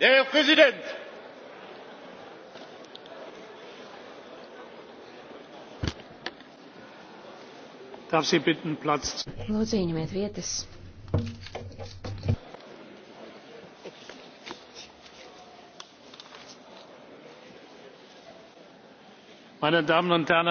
herr präsident! darf sie bitten platz zu nehmen? lūdzu ieņemiet vietas. meine damen und herren!